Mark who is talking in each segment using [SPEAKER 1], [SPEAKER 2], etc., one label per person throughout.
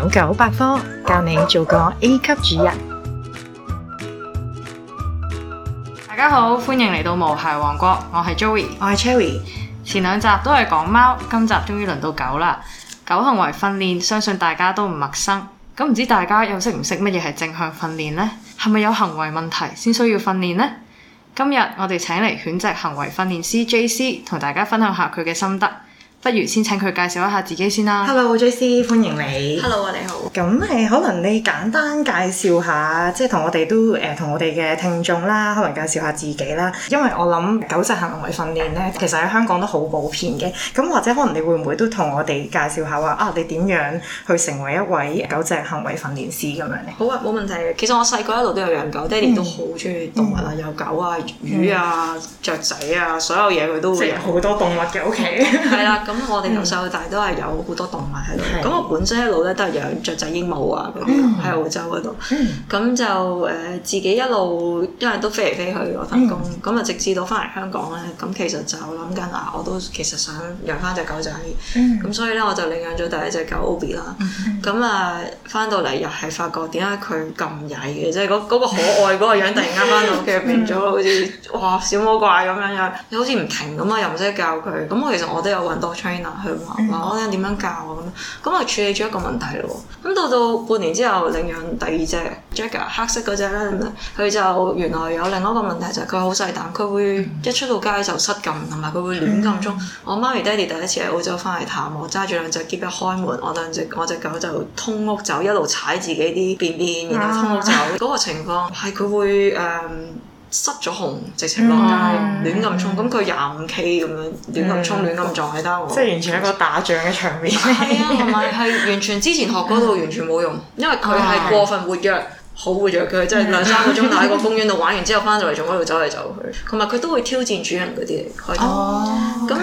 [SPEAKER 1] 九九百科教你做個 A 級主人。大家好，歡迎嚟到無鞋王國，我係 Joey，我係 Cherry。前兩集都係講貓，今集終於輪到狗啦。狗行為訓練，相信大家都唔陌生。咁唔知大家又識唔識乜嘢係正向訓練呢？係咪有行為問題先需要訓練呢？今日我哋請嚟犬隻行為訓練師 JC 同大家分享下佢嘅心得。不如先請佢介紹一下自己先啦。Hello，J C，、e, 歡迎你。Hello 啊，你好。咁誒，可能你簡單介紹下，即係同我哋都誒，同、呃、我哋嘅聽眾啦，可能介紹下自己啦。因為我諗狗隻行為訓練咧，其實喺香港都好普遍嘅。咁或者可能你會唔會都同我哋介紹下話啊？你點樣去成為一位狗隻行為訓練師咁樣呢？好啊，
[SPEAKER 2] 冇問題嘅。其實我細個一路都有養狗，爹哋都好中意動物啊，嗯嗯、有狗啊、魚啊、
[SPEAKER 1] 嗯、雀仔啊，所有嘢佢都會有好多動物嘅屋企，係、okay?
[SPEAKER 2] 啦、 啊。咁我哋由細到大都係有好多動物喺度。咁我本身一路咧都係養雀仔、鸚鵡啊喺澳洲嗰度。咁就誒自己一路因為都飛嚟飛去我打工。咁啊直至到翻嚟香港咧，咁其實就諗緊啊，我都其實想養翻隻狗仔。咁所以咧我就領養咗第一隻狗 Obi 啦。咁啊翻到嚟又係發覺點解佢咁曳嘅？即係嗰個可愛嗰個樣，突然間翻到屋企變咗好似哇小魔怪咁樣樣。又好似唔停咁啊，又唔識教佢。咁我其實我都有揾多。t r i n e r 去話話我點樣教啊咁樣，咁啊處理咗一個問題咯。咁到到半年之後領養第二隻 Jackie 黑色嗰隻咧，佢就原來有另一個問題，就係佢好細膽，佢會一出到街就失禁，同埋佢會亂咁鍾。嗯嗯，我媽咪爹哋第一次喺澳洲翻嚟探我，揸住兩隻 k 一開門，我兩隻我隻狗就通屋走，一路踩自己啲便便，然後通屋走嗰、啊、個情況係佢會誒。嗯失咗控，直情落街亂咁衝，咁佢廿五 K 咁樣亂咁衝亂咁撞喺單喎，即係完全一個打仗嘅場面。係啊，同埋係完全之前學嗰套完全冇用，因為佢係過分活躍，好活躍。佢即係兩三個鐘頭喺個公園度玩完之後，翻到嚟仲喺度走嚟走去。同埋佢都會挑戰主人嗰啲嚟。開心。咁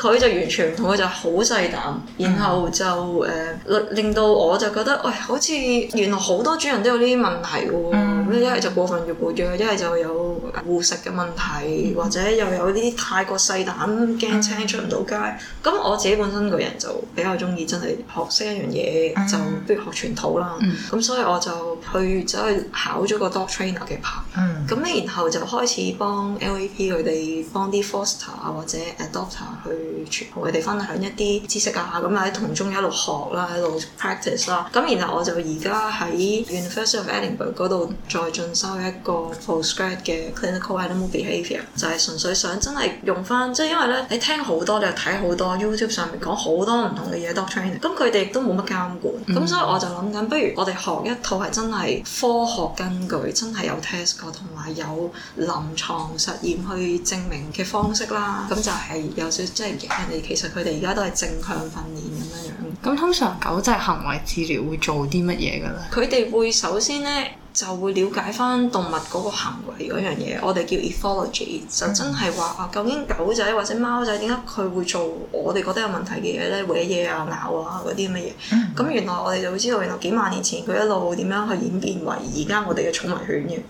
[SPEAKER 2] 佢就完全唔同，佢就好細膽。然後就誒令令到我就覺得，喂，好似原來好多主人都有呢啲問題喎。咁一係就過分活躍，一係就有護食嘅問題，mm hmm. 或者又有啲太過細膽，驚青出唔到街。咁、mm hmm. 我自己本身個人就比較中意，真係學識一樣嘢就不如學全套啦。咁、mm hmm. 所以我就去走去考咗個 dog trainer 嘅牌。咁咧、mm，hmm. 然後就開始幫 LAP 佢哋幫啲 foster 啊或者 adopter 去傳俾佢哋分享一啲知識啊，咁喺同中一路學啦，喺度 practice 啦。咁然後我就而家喺 University of Edinburgh 嗰度。再進修一個 post-grad 嘅 clinical animal behaviour，就係純粹想真係用返，即係因為咧，你聽好多你又睇好多 YouTube 上面講好多唔同嘅嘢，dog trainer，咁佢哋亦都冇乜監管，咁、嗯、所以我就諗緊，不如我哋學一套係真係科學根據、真係有 test 過同埋有，有臨床實驗去證明嘅方式啦。咁就係有少少即係人哋其實佢哋而家都係正向訓練咁樣樣。
[SPEAKER 1] 咁、嗯、通常狗隻行為治療會做啲乜嘢嘅咧？
[SPEAKER 2] 佢哋會首先咧。就會了解翻動物嗰個行為嗰樣嘢，我哋叫 ethology，就真係話啊，究竟狗仔或者貓仔點解佢會做我哋覺得有問題嘅嘢咧，搲嘢啊、咬啊嗰啲乜嘢？咁、嗯、原來我哋就會知道，原來幾萬年前佢一路點樣去演變為而家我哋嘅寵物犬嘅，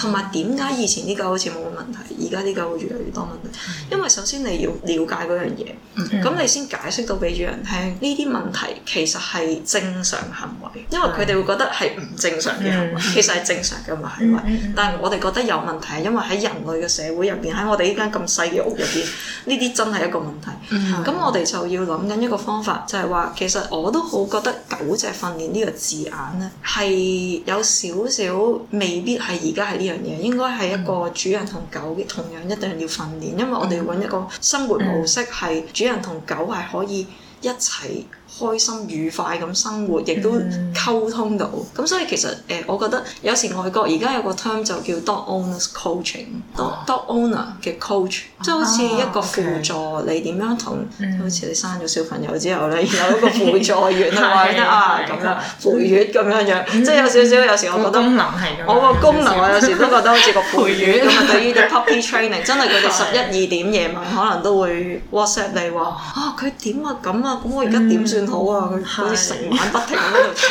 [SPEAKER 2] 同埋點解以前啲狗好似冇乜問題，而家啲狗會越嚟越多問題？嗯、因為首先你要了解嗰樣嘢，咁、嗯、你先解釋到俾主人聽，呢啲問題其實係正常行為，因為佢哋會覺得係唔正常嘅行為，嗯其實。就係正常㗎嘛，係咪？Mm hmm. 但係我哋覺得有問題，係因為喺人類嘅社會入邊，喺我哋呢間咁細嘅屋入邊，呢啲 真係一個問題。咁、mm hmm. 我哋就要諗緊一個方法，就係、是、話其實我都好覺得「狗隻訓練」呢個字眼咧，係有少少未必係而家係呢樣嘢，應該係一個主人同狗同樣一定要訓練，因為我哋搵一個生活模式係主人同狗係可以。一齊開心愉快咁生活，亦都溝通到。咁所以其實誒，我覺得有時外國而家有個 term 就叫 dog owner's coaching，dog dog owner 嘅 coach，即係好似一個輔助你點樣同，好似你生咗小朋友之後咧，有一個輔助員啊，啊咁樣陪月咁樣樣，即係有少少有時我覺得，功能我個功能啊有時都覺得好似個陪月咁啊，對於啲 puppy training，真係佢哋十一二點夜晚可能都會 WhatsApp 你話啊，佢點啊咁啊！咁我而家點算好啊？佢好成晚不停喺度嘈，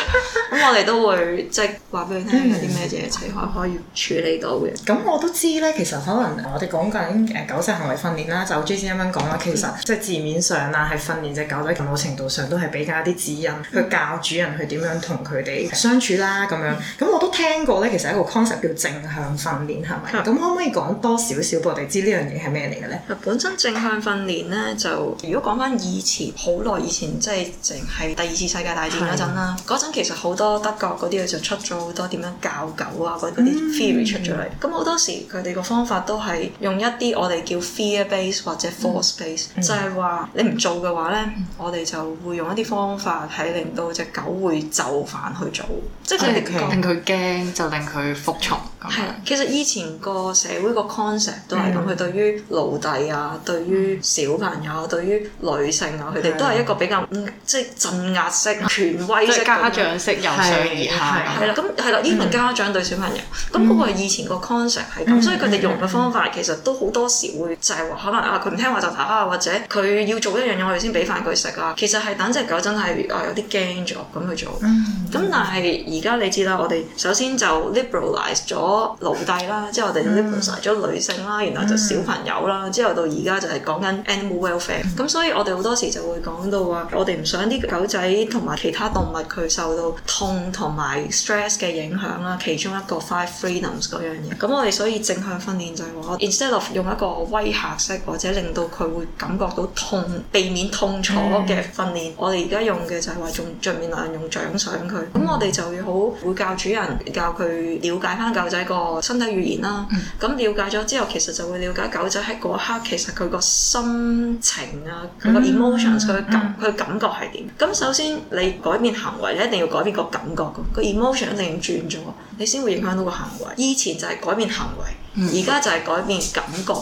[SPEAKER 2] 咁我哋都會即係話俾佢聽有啲
[SPEAKER 1] 咩嘢，齊開可以處理到嘅。咁我都知咧，其實可能我哋講緊誒狗隻行為訓練啦，就 Gigi 一蚊講啦，其實即係字面上啦，係訓練隻狗仔咁。某程度上都係比較啲指引去教主人去點樣同佢哋相處啦咁樣。咁、嗯、我都聽過咧，其實一個 concept 叫正向訓練係咪？咁可唔可以講多少少俾我哋知呢樣嘢係咩嚟嘅咧？本身正向訓練咧，就
[SPEAKER 2] 如果講翻以前好。以前即係淨係第二次世界大戰嗰陣啦，嗰陣的其實好多德國嗰啲佢就出咗好多點樣教狗啊嗰啲 theory 出咗嚟，咁好、嗯嗯、多時佢哋個方法都係用一啲我哋叫 fear base 或者 force base，嗯、就係話你唔做嘅話咧，嗯、我哋就會用一啲方法係令到隻狗會就範去做，嗯、即係令佢
[SPEAKER 1] 驚 Okay. 就令佢服從。係，
[SPEAKER 2] 其實以前個社會個 concept 都係咁，佢、嗯、對於奴隸啊，對於小朋友啊，嗯、對於女性啊，佢哋都係一個比較即係、嗯就是、鎮壓式、權威式、家長式由上而下。係啦對，咁係啦，even 家長對小朋友，咁嗰、嗯、個以前個 concept 係咁，嗯、所以佢哋用嘅方法其實都好多時會就係話可能啊佢唔聽話就打啊，或者佢要做一樣嘢我哋先俾飯佢食啊，其實係等隻狗真係、啊、有啲驚咗咁去做。嗯。咁、嗯、但係而家你知啦，我哋首先就 liberalize 咗。奴隸啦，即係我哋 deprecated 咗女性啦，嗯、然後就小朋友啦，嗯、之後到而家就係講緊 animal welfare、嗯。咁所以我哋好多時就會講到話，我哋唔想啲狗仔同埋其他動物佢受到痛同埋 stress 嘅影響啦。其中一個 five freedoms 嗰樣嘢，咁我哋所以正向訓練就係話 instead of 用一個威嚇式或者令到佢會感覺到痛，避免痛楚嘅訓練，嗯、我哋而家用嘅就係話仲盡量用獎賞佢。咁、嗯、我哋就要好會教主人教佢了解翻狗仔。一個身體語言啦，咁了解咗之後，其實就會了解狗仔喺嗰刻，其實佢個心情啊，佢個 emotion，佢感佢感覺係點。咁首先你改變行為，你一定要改變個感覺，個 emotion 一定要轉咗，你先會影響到個行為。以前就係改變行為，而家就係改變感覺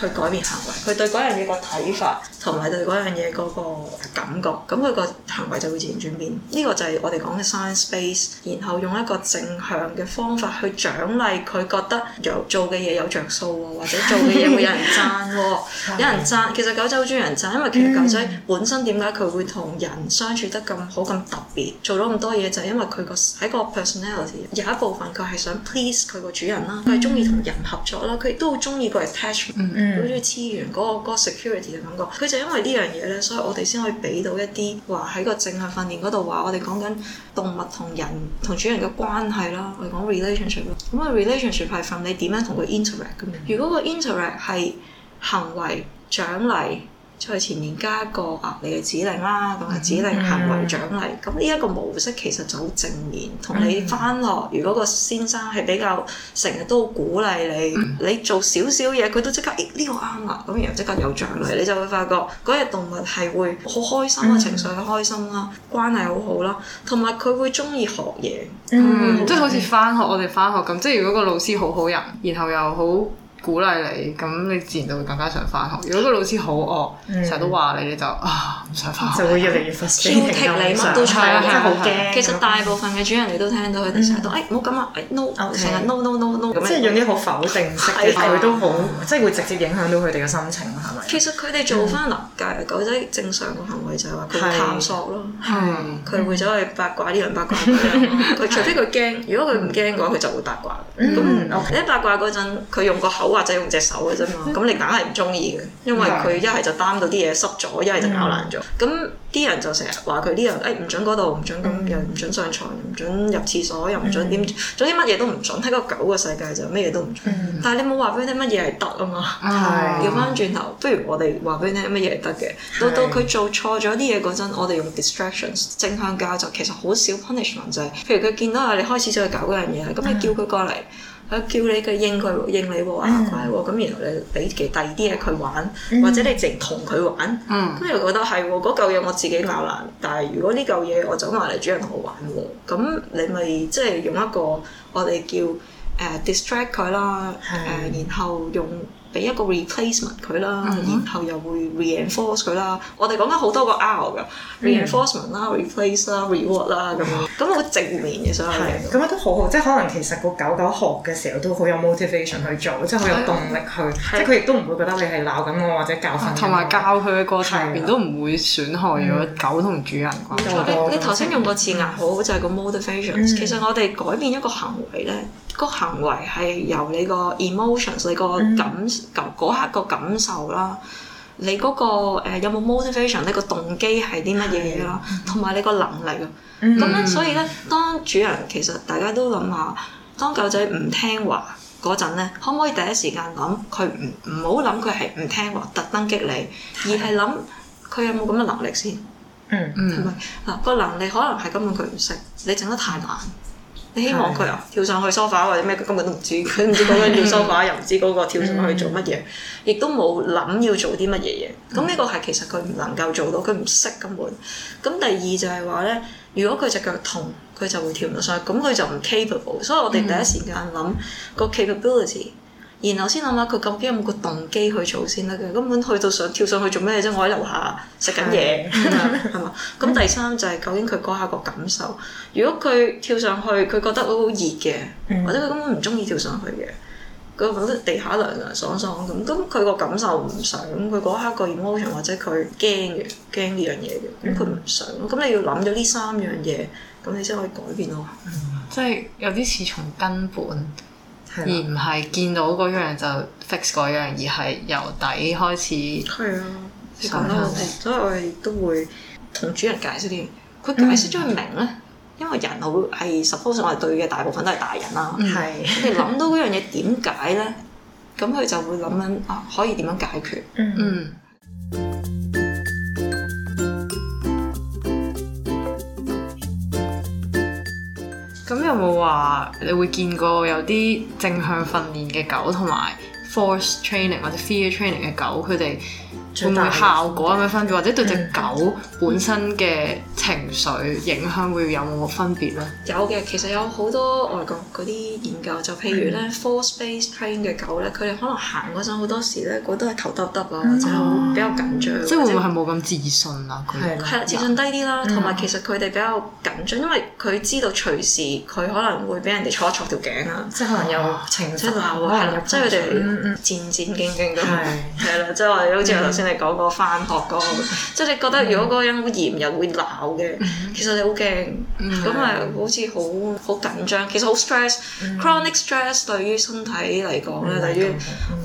[SPEAKER 2] 去改變行為。佢對嗰樣嘢個睇法，同埋對嗰樣嘢嗰個感覺，咁佢個行為就會自然轉變。呢、這個就係我哋講嘅 science based 然後用一個正向嘅方法去獎勵佢覺得有做嘅嘢有著數喎，或者做嘅嘢會有人贊喎， 有人贊。其實狗仔好中意人贊，因為其實狗仔、嗯、本身點解佢會同人相處得咁好咁、嗯、特別，做咗咁多嘢就係、是、因為佢個喺個 personality 有一部分佢係想 please 佢個主人啦，佢係中意同人合作啦，佢亦都好中意個 attachment，好中意資源嗰個 security 嘅感覺，就因為呢樣嘢咧，所以我哋先可以俾到一啲話，喺個正向訓練嗰度話，我哋講緊動物同人同主人嘅關係啦，我哋講 relationship 咯。咁啊，relationship 係 from 你點樣同佢 interact 咁樣，如果個 interact 係行為獎勵。在前面加一個額你嘅指令啦，同埋指令行為獎勵，咁呢一個模式其實就好正面。同你翻學，嗯、如果個先生係比較成日都鼓勵你，嗯、你做少少嘢佢都即刻誒呢、欸呢個啱啦，咁然後即刻有獎勵，你就會發覺嗰隻動物係會好開心嘅、嗯、情緒，開心啦，嗯、關係好好啦，同埋佢會中
[SPEAKER 1] 意學嘢，嗯，即係好似翻學，我哋翻學咁，即係如果個老師好好人，然後又好。鼓勵你，咁你自然就會更加想翻學。如果個老師好惡，成日都話你，你就啊唔想翻學。就會越嚟越發嬲，挑剔你嘛都差，真係好驚。其實大部
[SPEAKER 2] 分嘅主人你都聽到，佢哋成日都誒唔好咁啊，誒 no，成日 no no no no。即係用
[SPEAKER 1] 啲好否定式嘅話，都好，即係會直接影響到佢哋嘅心情咯，係咪？其
[SPEAKER 2] 實佢哋做翻諗㗎，狗仔正常嘅行為就係話佢探索咯，
[SPEAKER 1] 佢會走去八卦呢樣八卦。
[SPEAKER 2] 佢除非佢驚，如果佢唔驚嘅話，佢就會八卦。咁你喺八卦嗰陣，佢用個口。或者用隻手嘅啫嘛，咁 你硬係唔中意嘅，因為佢一係就擔到啲嘢濕咗，一係就咬爛咗。咁啲 人就成日話佢呢樣，哎唔準嗰度，唔準咁又唔準上牀，唔準入廁所，又唔準點，嗯、總之乜嘢都唔準。喺個狗嘅世界就乜嘢都唔準。嗯、但係你冇話俾佢聽乜嘢係得啊嘛。調翻轉頭，不如我哋話俾你聽乜嘢係得嘅。到到佢做錯咗啲嘢嗰陣，我哋用 distractions，正向教就其實好少 punishment 就係，譬如佢見到啊，你開始去搞嗰樣嘢啦，咁、嗯、你叫佢過嚟。叫你佢應佢應你喎，乖、啊、咁、mm hmm. 然後你俾其第二啲嘢佢玩，mm hmm. 或者你淨同佢玩，咁又、mm hmm. 覺得係喎，嗰嚿嘢我自己咬爛，mm hmm. 但係如果呢嚿嘢我走埋嚟主人同我玩喎，咁、mm hmm. 你咪即係用一個我哋叫誒、uh, distract 佢啦，誒、mm hmm. 然後用。俾一個 replacement 佢啦，然後又會 reinforce 佢啦。我哋講緊好多個 R 㗎，reinforcement 啦、replace 啦、reward 啦咁。咁好
[SPEAKER 1] 正面嘅所有嘢。係，咁都好好。即係可能其實個狗狗學嘅時候都好有 motivation 去做，即係好有動力去。即係佢亦都唔會覺得你係鬧緊我或者教訓。同埋教佢嘅過程入邊都唔會損害咗狗同主人關係。你你頭
[SPEAKER 2] 先用個字眼好就係個 motivation。其實我哋改變一個行為咧，個行為係由你個 emotions、你個感。嗰刻個感受啦，你嗰個有冇 motivation 呢個動機係啲乜嘢啦，同埋是你個能力啊。咁咧，所以咧，當主人其實大家都諗下，當狗仔唔聽話嗰陣咧，可唔可以第一時間諗佢唔唔好諗佢係唔聽話，特登激你，而係諗佢有冇咁嘅能力先。嗯嗯，係咪？嗱吧、嗯、個能力可能係根本佢唔識，你整得太難。你希望佢啊跳上去 sofa 或者咩？佢根本都唔知，佢唔 知嗰個跳 sofa，又唔知嗰個跳上去做乜嘢，亦都冇諗要做啲乜嘢嘢。咁呢個係其實佢唔能夠做到，佢唔識根本。咁第二就係話咧，如果佢隻腳痛，佢就會跳唔到上去，咁佢就唔 capable。所以我哋第一時間諗 個 capability。然後先諗下佢究竟有冇個動機去做先得嘅，根本去到想跳上去做咩啫？我喺樓下食緊嘢，係嘛？ 咁第三就係究竟佢嗰下個感受，如果佢跳上去，佢覺得好熱嘅，嗯、或者佢根本唔中意跳上去嘅，佢覺得地下涼涼爽爽咁，咁佢個感受唔想，佢嗰下個 emotion 或者佢驚嘅，驚呢樣嘢嘅，咁佢唔想。咁、嗯、你要諗咗呢三樣嘢，咁你先可以改
[SPEAKER 1] 變咯。即係、嗯、有啲似從根本。而唔係見到嗰樣、嗯、就 fix 嗰樣，而係由底開始。係啊，係咁咯，所以我哋都會同主人解釋啲。佢解釋咗明咧，嗯、因為人好
[SPEAKER 2] 係 suppose 我哋對嘅大部分都係大人啦。係、嗯，佢哋諗到嗰樣嘢點解咧，咁佢就會諗緊 啊，可以點樣解決？嗯。
[SPEAKER 1] 嗯。咁有冇話你會見過有啲正向訓練嘅狗同埋？Force training 或者 Fear training 嘅狗，佢哋會唔會效果有咩分別？分或者對隻狗本身嘅情緒影響會有冇分別咧？
[SPEAKER 2] 有嘅，其實有好多外國嗰啲
[SPEAKER 1] 研究，就譬如咧、嗯、
[SPEAKER 2] Force base training 嘅狗咧，佢哋可能行嗰陣好多時咧，覺得頭耷耷啊，或者比較緊張。即係、嗯、會唔會係冇咁
[SPEAKER 1] 自信啊？佢係啦，自信
[SPEAKER 2] 低啲啦。同埋的其實佢哋比較緊張，因為佢知道隨時佢可能會俾人哋坐一坐條頸啊。即係可能
[SPEAKER 1] 有情緒啊，即係
[SPEAKER 2] 佢哋。嗯嗯嗯戰戰兢兢咁係，係啦，即係話好似我頭先你講過翻學嗰個，即係你覺得如果嗰個人好嚴又會鬧嘅，其實你好驚，咁啊好似好好緊張，其實好 stress，chronic stress 對於身體嚟講咧，對於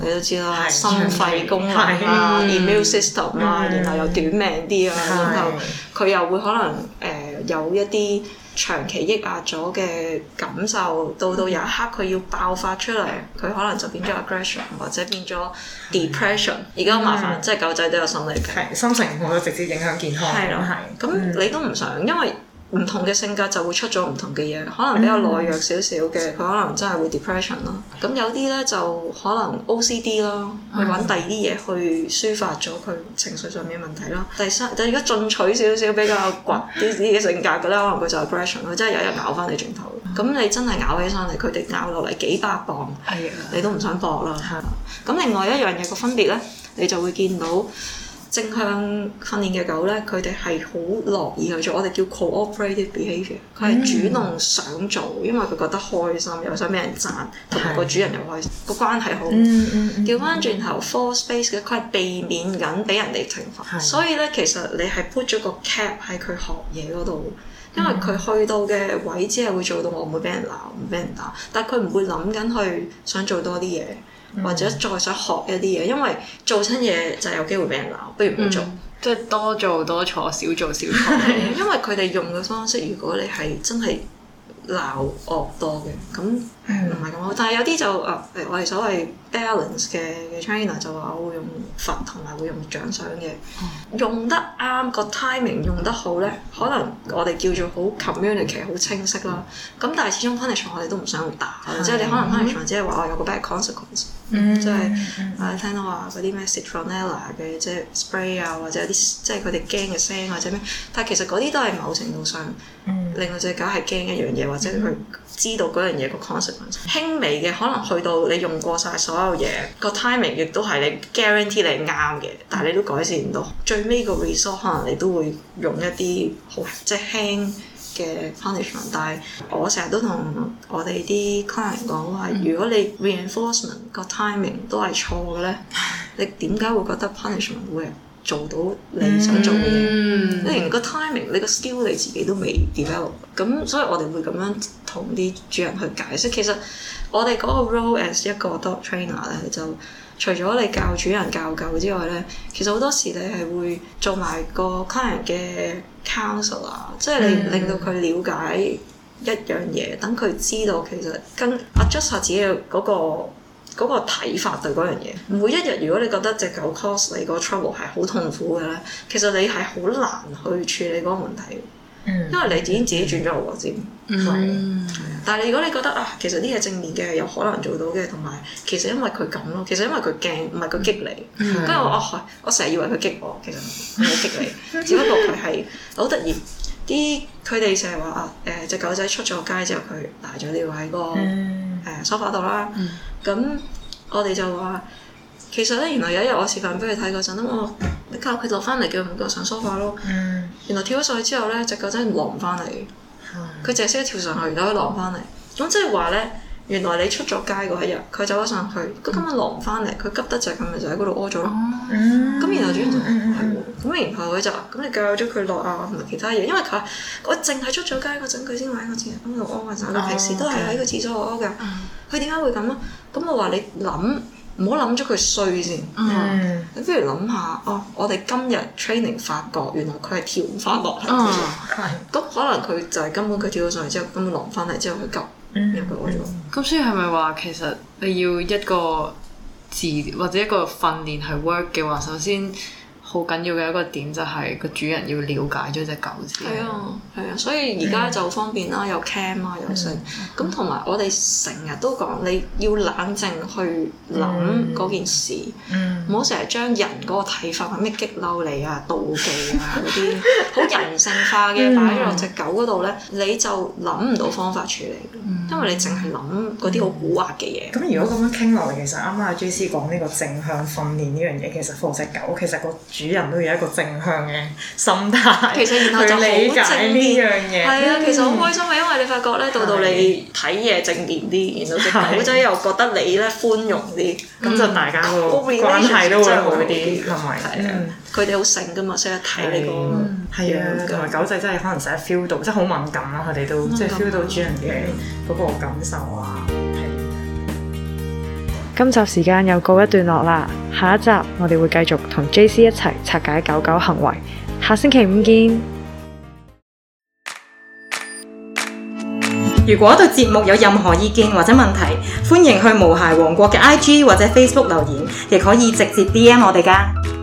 [SPEAKER 2] 你都知啦，心肺功能啦 immune system 啦，然後又短命啲啊，然後佢又會可能誒有一啲。長期抑壓咗嘅感受，到到有一刻佢要爆發出嚟，佢可能就變咗 aggression，或者變咗 depression。而家好麻煩，即係狗仔都有心理病，係，心情唔好
[SPEAKER 1] 都直接影響健康。係咯，係。
[SPEAKER 2] 咁你都唔想，因為。唔同嘅性格就會出咗唔同嘅嘢，可能比較懦弱少少嘅，佢、mm hmm. 可能真係會 depression 咯。咁有啲咧就可能 OCD 咯，去揾第二啲嘢去抒發咗佢情緒上面嘅問題咯。第三，但如果進取少少比較倔啲啲嘅性格嘅咧，可能佢就係 depression，佢真係有人咬翻你轉頭。咁你真係咬起上嚟，佢哋咬落嚟幾百磅，你都唔想搏啦。咁、mm hmm. 另外一樣嘢個分別咧，你就會見到。正向訓練嘅狗咧，佢哋係好樂意去做，我哋叫 cooperative behaviour，佢係主動想做，mm hmm. 因為佢覺得開心，又想俾人讚，同埋個主人又開，個、mm hmm. 關係好。調翻轉頭，four space 嘅佢係避免緊俾人哋懲罰，mm hmm. 所以咧其實你係 put 咗個 cap 喺佢學嘢嗰度，
[SPEAKER 1] 因為佢
[SPEAKER 2] 去到嘅位之後會做到我會，我唔會俾人鬧，唔俾人打，但係佢唔會諗緊去想做多啲嘢。或者再想學一啲嘢，因為做親嘢就有機會俾人鬧，不如唔好做，嗯、即係多
[SPEAKER 1] 做多錯，少做少錯。 因
[SPEAKER 2] 為佢哋用嘅方式，如果你係真係
[SPEAKER 1] 鬧惡多嘅，
[SPEAKER 2] 咁。唔係咁好，但係有啲就誒誒，我哋所謂 balance 嘅嘅 trainer 就話我會用罰同埋會用獎賞嘅，用得啱個 timing，用得好咧，可能我哋叫做好 communicate 好清晰啦。咁但係始終 punishment 我哋都唔想打，即係你可能 punishment 只係話我有個 bad consequence，即係啊聽到話嗰啲咩 citronella 嘅即係 spray 啊，或者有啲即係佢哋驚嘅聲或者咩，但係其實嗰啲都係某程度上，令到隻狗係驚一樣嘢或者佢。知道嗰樣嘢個 consequence，輕微嘅可能去到你用過晒所有嘢，個 timing 亦都係你 guarantee 你啱嘅，但係你都改善唔到，最尾個 resort 可能你都會用一啲好即係輕嘅 punishment。但係我成日都同我哋啲 client 講話，如果你 reinforcement 個 timing 都係錯嘅咧，你點解會覺得 punishment 會？做到你想做嘅嘢，mm hmm. 你連個 timing，你個 skill 你自己都未 develop，咁所以我哋會咁樣同啲主人去解釋。其實我哋嗰個 role as 一個 dog trainer 咧，就除咗你教主人教狗之外咧，其實好多時你係會做埋個 client 嘅 counsel 啊，即係你令到佢了解一樣嘢，等佢、mm hmm. 知道其實跟 adjust 自己嗰，那個。嗰個睇法對嗰樣嘢，每一日如果你覺得隻狗 cause 你個 trouble 係好痛苦嘅咧，其實你係好難去處理嗰個問題，因為你自己自己轉咗頭先。
[SPEAKER 1] 係，嗯、
[SPEAKER 2] 的但係如果你覺得啊，其實呢個正面嘅係有可能做到嘅，同埋其實因為佢咁咯，其實因為佢驚，唔係佢激你。跟住、嗯、我、啊，我成日以為佢激我，其實唔係激你，
[SPEAKER 1] 只不過佢係
[SPEAKER 2] 好得意。啲佢哋成日話啊，誒、呃、隻狗仔出咗街之後，佢大咗尿喺個。嗯誒梳化度啦，咁、嗯、我哋就話其實咧，原來有一日我示範俾佢睇嗰陣，咁我教佢落翻嚟叫佢唔上梳化咯。嗯、原來跳咗上去之後咧，隻狗真係落唔翻嚟，佢淨係識得跳上去，可以落翻嚟，咁即係話咧。原來你出咗街嗰一日，佢走咗上去，佢今日落唔翻嚟，佢急得就咁咪就喺嗰度屙咗咯。咁、oh. mm. 然後主要就咁然後佢就咁你教咗佢落啊，同埋其他嘢，因為佢我淨係出咗街嗰陣佢先喺個廁所嗰度屙啊，就佢平時都係喺個廁所度屙嘅。佢點解會咁啊？咁我話你諗，唔好諗咗佢衰先。你不如諗下，哦，我哋今日 training 發覺原來佢係跳翻落嚟，咁、oh, okay. 可能佢就係根本佢跳咗上嚟之後，根本
[SPEAKER 1] 落唔翻嚟之後佢急。咁、嗯嗯嗯、所以係咪話其實你要一個字或者一個訓練去 work 嘅話，首先好緊要嘅一個點就係個主人要了解咗隻狗先。係啊，
[SPEAKER 2] 係啊，所以而家就
[SPEAKER 1] 方便啦，有
[SPEAKER 2] cam 啊，嗯、有成。咁同埋我哋成日都講，你要冷靜去諗嗰件事，唔好成日將人嗰個睇法咩、嗯、激嬲你啊、妒忌啊嗰啲，好 人性化嘅擺咗落隻狗嗰度咧，嗯嗯、你就諗唔到
[SPEAKER 1] 方法處理。嗯因為你淨係諗嗰啲好古惑嘅嘢。咁如果咁樣傾落嚟，其實啱啱阿 J C 講呢個正向訓練呢樣嘢，其實放隻狗，其實個主人都要一個正向嘅心態。其實然後就好正。呢樣嘢係啊，其實好開
[SPEAKER 2] 心啊，因為你發覺咧，到到你睇嘢正面啲，然後隻狗仔又覺得你咧寬容啲，
[SPEAKER 1] 咁就大家個關係都會好啲，係咪佢哋好醒㗎嘛，識得睇你個。係啊，同埋狗仔真係可能成日 feel 到，即係好敏感啦，佢哋都即係 feel 到主人嘅。嗰個感受啊！今集時間又告一段落啦，下一集我哋會繼續同 JC 一齊拆解狗狗行為。下星期五見！ 如果對節目有任何意見或者問題，歡迎去無鞋王國嘅 IG 或者 Facebook 留言，亦可以直接 DM 我哋㗎。